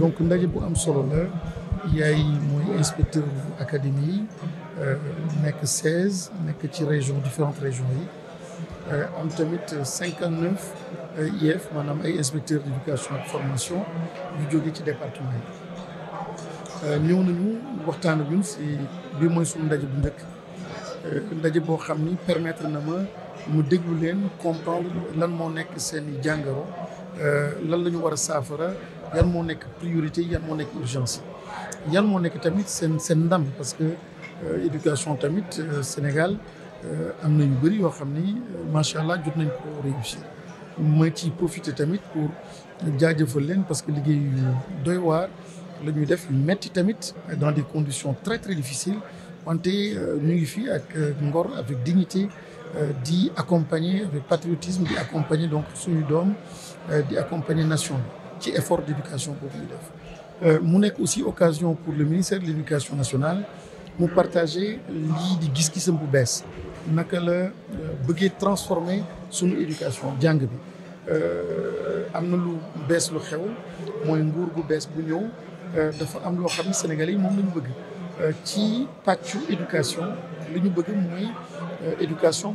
donc ndaje bu am solo la yaay mooy inspecteur académie euh, nekk seize nekk ci région différentes régions yi euh, am tamit 59 euh, IF maanaam ay inspecteurs d'éducation ak formation yu jóge ci département yi euh, ñëw nañu waxtaan ak ñun si bi mooy suñu ndaje bu njëkk euh, ndaje boo xam ni permettre na ma mu déglu leen comprendre lan moo nekk seen i jàngoro lan la ñu war a saafara y a une priorité yan mo nek urgence yan une nek tamit sen sen ndam parce que euh, éducation tamit euh, Sénégal euh, a na yu bëri yo xamni machallah jot nañ ko réussir ma ci profiter tamit pour jaajëfal leen parce que les yu doy waar la def metti tamit dans des conditions très très difficiles wante ñu ngi fi ak ngor avec dignité di accompagner avec patriotisme di accompagner donc suñu doom di accompagner nation petit effort d'éducation pour le MEDEF. Euh, aussi l'occasion pour le ministère de l'Éducation nationale de partager l'idée qui ce qui se baisse. Nous avons transformé notre éducation. Nous avons besoin de baisser le chaos, nous avons besoin de baisser l'union, de faire un peu de Sénégalais, nous avons fait besoin qui pas éducation, l'éducation, euh, nous avons besoin d'éducation.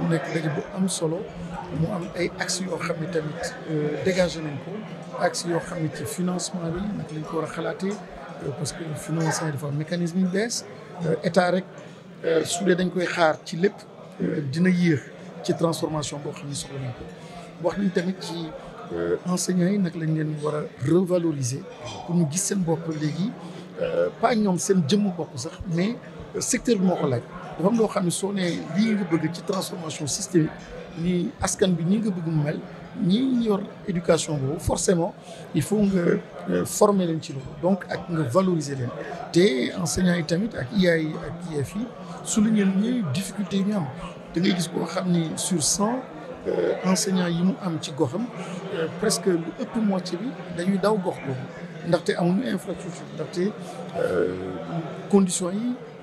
mu nekk daje bu am solo mu am ay axes yoo xam ne tamit euh, dégagé nañ ko axes yoo xam ne ci financement bi nag lañ ko war a xalaatee euh, parce que financement yi dafa mécanisme yu bees euh, état rek su dee dañ koy xaar ci lépp dina yéex ci transformation boo xam ne soxla nañ ko wax nañ tamit ci enseignants yi nag lañ leen war a revaloriser pour ñu gis seen bopp léegi pas ñoom seen jëmm bopp sax mais secteur bi moo ko laaj dafa am loo xam ne soo ne lii nga bëgg ci transformation systémique ni askan bi ni nga bëgg mu mel ñi yor éducation boobu forcément il faut nga euh, former leen ci loolu donc ak nga valoriser leen te enseignants yi tamit ak IA yi ak IEF yi souligner ñuy difficulté yi ñu am da ngay gis koo xam ni sur 100 euh, enseignants yi mu am ci goxam euh, presque lu ëpp moitié bi dañuy daw gox boobu ndaxte amuñu infrastructure ndaxte conditions yi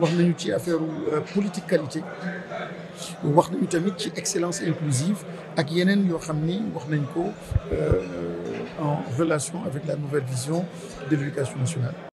nous avons ci affaire euh, politique qualité wax nañu tamit ci excellence inclusive ak yeneen yoo xam ni euh, en relation avec la nouvelle vision de l'éducation nationale